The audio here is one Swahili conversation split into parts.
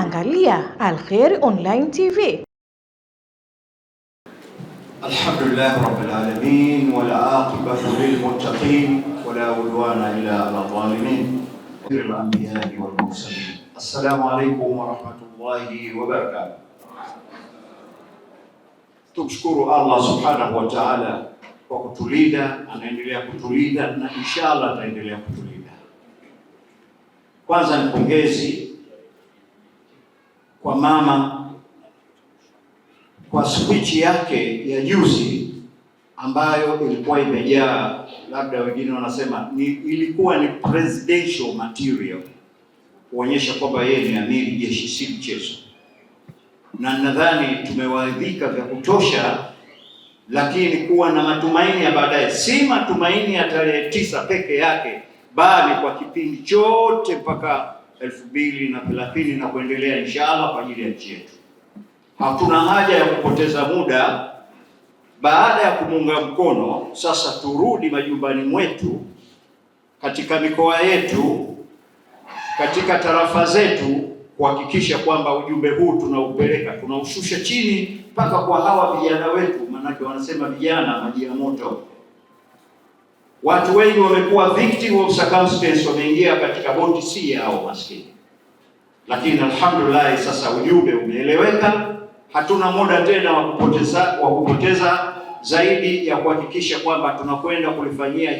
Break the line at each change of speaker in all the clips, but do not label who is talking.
Unaangalia Alkhair Online TV. Alhamdulillah rabbil alamin wal aqibatu lil muttaqin wala udwana illa ala zalimin wal anbiya wal mursalin. Assalamu alaykum wa rahmatullahi wa barakatuh.
Tumshukuru Allah subhanahu wa ta'ala kwa kutulinda, anaendelea kutulinda na inshallah ataendelea kutulinda. Kwanza ni kwa mama kwa spichi yake ya juzi ambayo ilikuwa imejaa, labda wengine wanasema ni, ilikuwa ni presidential material kuonyesha kwamba yeye ni amiri jeshi, si mchezo, na nadhani tumewaadhika vya kutosha, lakini kuwa na matumaini ya baadaye, si matumaini ya tarehe tisa peke yake, bali kwa kipindi chote mpaka elfu mbili na thelathini na kuendelea inshallah kwa ajili ya nchi yetu. hakuna haja ya kupoteza muda. Baada ya kumuunga mkono, sasa turudi majumbani mwetu, katika mikoa yetu, katika tarafa zetu kuhakikisha kwamba ujumbe huu tunaupeleka, tunaushusha chini mpaka kwa hawa vijana wetu, maanake wanasema vijana maji ya moto. Watu wengi wamekuwa victim of circumstance, wameingia katika boti si yao maskini. Lakini alhamdulillah, sasa ujumbe umeeleweka. Hatuna muda tena wa kupoteza wa kupoteza zaidi ya kuhakikisha kwamba tunakwenda kulifanyia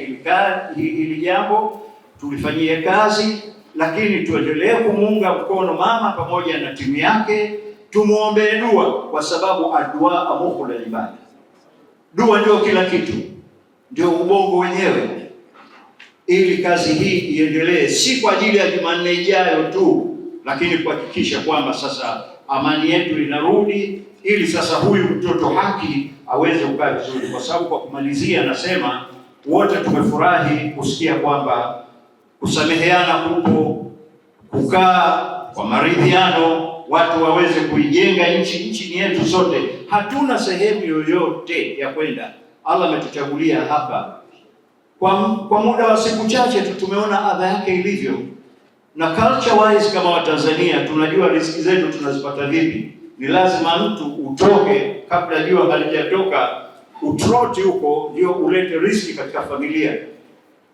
hili jambo, tulifanyie kazi, lakini tuendelee kumuunga mkono mama pamoja na timu yake, tumuombee dua, kwa sababu adua la ibada, dua ndio kila kitu ndio ubongo wenyewe, ili kazi hii iendelee, si kwa ajili ya Jumanne ijayo tu, lakini kuhakikisha kwamba sasa amani yetu inarudi, ili sasa huyu mtoto haki aweze kukaa vizuri, kwa sababu kwa kumalizia, nasema wote tumefurahi kusikia kwamba kusameheana huko kukaa kwa maridhiano, watu waweze kuijenga nchi. Nchi ni yetu sote, hatuna sehemu yoyote ya kwenda Allah ametuchagulia hapa kwa, kwa muda wa siku chache tu tumeona adha yake ilivyo, na culture wise kama Watanzania tunajua riziki zetu tunazipata vipi. Ni lazima mtu utoke kabla jua halijatoka, utroti huko ndio ulete riziki katika familia.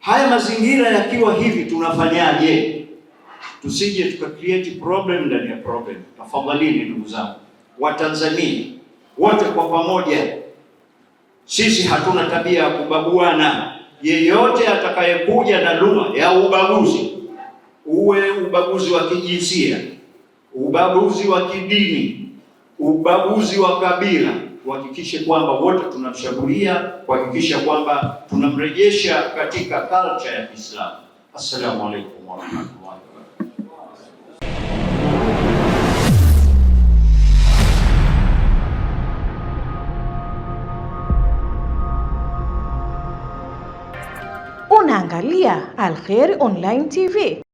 Haya mazingira yakiwa hivi, tunafanyaje? Tusije tuka create problem ndani ya problem. Tafadhalini ndugu zangu Watanzania wote kwa pamoja sisi hatuna tabia ya kubaguana. Yeyote atakayekuja na lugha ya ubaguzi, uwe ubaguzi wa kijinsia, ubaguzi wa kidini, ubaguzi wa kabila, tuhakikishe kwamba wote tunamshambulia, kuhakikisha kwamba tunamrejesha katika culture ya Kiislamu. Assalamu alaykum rahmatullah. Angalia Alger Online TV.